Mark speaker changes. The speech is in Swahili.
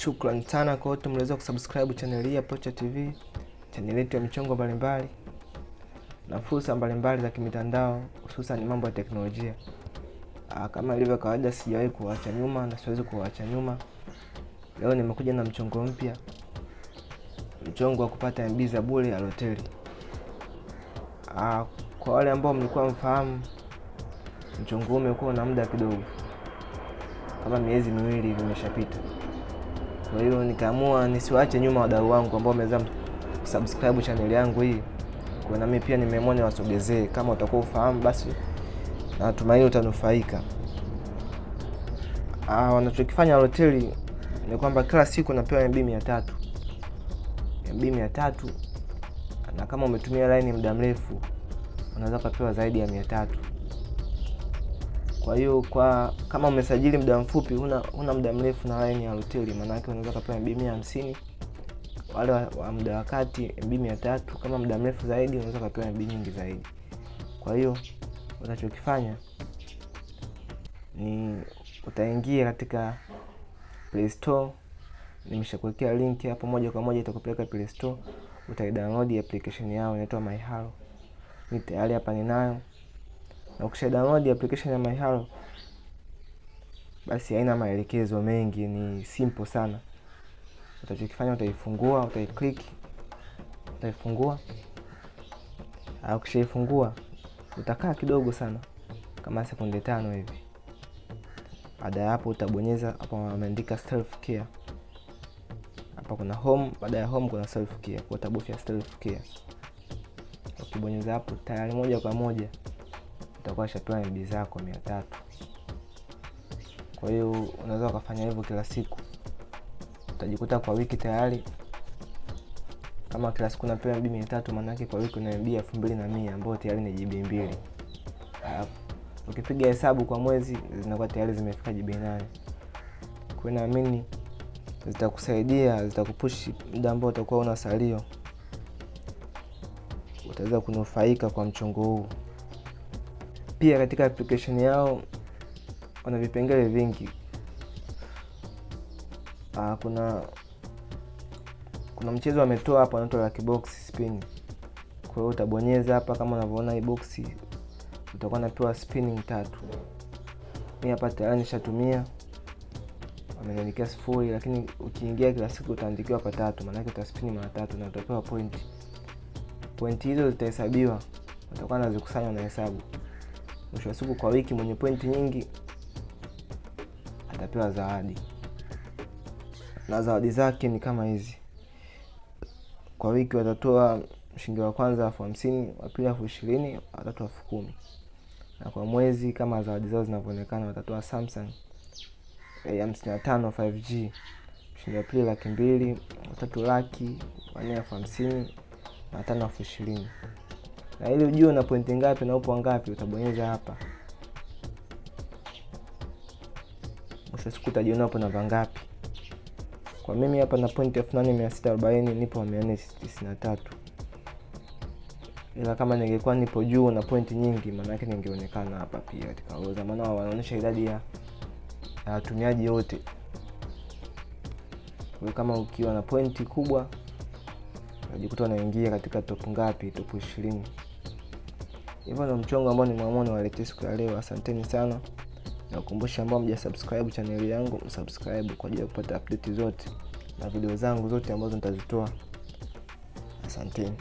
Speaker 1: Shukrani sana kwa wote mliweza kusubscribe channel hii ya Pocha TV, channel yetu ya michongo mbalimbali na fursa mbalimbali za kimitandao, hususan mambo ya teknolojia. Aa, ah, kama ilivyo kawaida, sijawahi kuwaacha nyuma na siwezi kuwaacha nyuma. Leo nimekuja na mchongo mpya, mchongo wa kupata MB za bure ya Airtel. Ah, kwa wale ambao mlikuwa mfahamu, mchongo umekuwa na muda kidogo, kama miezi miwili imeshapita. Kwa hiyo nikaamua nisiwaache nyuma wadau wangu ambao wameweza kusubscribe channel yangu hii, kwa nami pia nimeamua niwasogezee. Kama utakuwa ufahamu, basi natumaini utanufaika. Ah, wanachokifanya hotel ni kwamba kila siku napewa MB 300 MB mia tatu na kama umetumia laini muda mrefu unaweza ukapewa zaidi ya mia tatu. Kwa hiyo kwa kama umesajili muda mfupi, una una muda mrefu na line ya hoteli, yake unaweza kupata MB mia hamsini wale wa muda wa kati MB mia tatu Kama muda mrefu zaidi, unaweza kupata MB nyingi zaidi. Kwa hiyo unachokifanya ni utaingia katika Play Store, nimeshakuwekea link hapo, moja kwa moja itakupeleka Play Store, utaidownload application yao inaitwa MyHalo. Ni tayari hapa ninayo na ukisha download application ya MyHello basi haina maelekezo mengi, ni simple sana. Utachokifanya utaifungua, utaiclick, utaifungua. Ukishaifungua utakaa kidogo sana, kama sekunde tano hivi. Baada ya hapo utabonyeza hapa wameandika self care. Hapa kuna home, baada ya home kuna self care, kwa utabofya self care. Ukibonyeza hapo tayari moja kwa moja utakuwa shapewa MB zako mia tatu. Kwa hiyo unaweza ukafanya hivyo kila siku, utajikuta kwa wiki tayari kama kila siku unapewa MB mia tatu, maana yake kwa wiki una elfu mbili na mia ambayo tayari ni GB mbili. Ukipiga hesabu kwa mwezi zinakuwa tayari zimefika GB nane. Kwa hiyo naamini zitakusaidia, zitakupushi muda ambao utakuwa una salio, utaweza kunufaika kwa mchongo huu. Pia katika application yao wana vipengele vingi. Aa, ah, kuna kuna mchezo ametoa hapa anaitwa Lucky Box Spin. Kwa hiyo utabonyeza hapa kama unavyoona hii box utakuwa napewa spinning tatu. Mimi hapa tayari nishatumia ameniandikia sifuri, lakini ukiingia kila siku utaandikiwa kwa tatu, maana yake utaspini mara tatu na utapewa point. Point hizo zitahesabiwa, utakuwa nazikusanya na hesabu mwisho wa siku kwa wiki mwenye pointi nyingi atapewa zawadi, na zawadi zake ni kama hizi. Kwa wiki watatoa mshindi wa kwanza elfu hamsini, wa pili elfu ishirini, watatu elfu kumi, na kwa mwezi kama zawadi zao zinavyoonekana, watatoa Samsung eh, hamsini na tano g mshindi wa pili laki mbili, watatu laki, wanne elfu hamsini na watano elfu ishirini na ili ujue una pointi ngapi na upo ngapi, utabonyeza hapa. Mwisho siku utajiona upo namba ngapi. Kwa mimi hapa na pointi elfu nane mia sita arobaini nipo mia nne tisini na tatu ila kama ningekuwa nipo juu na pointi nyingi, maana yake ningeonekana hapa pia katika orodha, maana wanaonyesha idadi ya watumiaji wote. Kwa kama ukiwa na pointi kubwa unajikuta unaingia katika top ngapi? Top ishirini. Hivyo ndo mchongo ambao nimeamua niwaletee siku ya leo. Asanteni sana, nakukumbusha ambao mja subscribe chaneli yangu msubscribe kwa ajili ya kupata update zote na video zangu zote ambazo nitazitoa. Asanteni.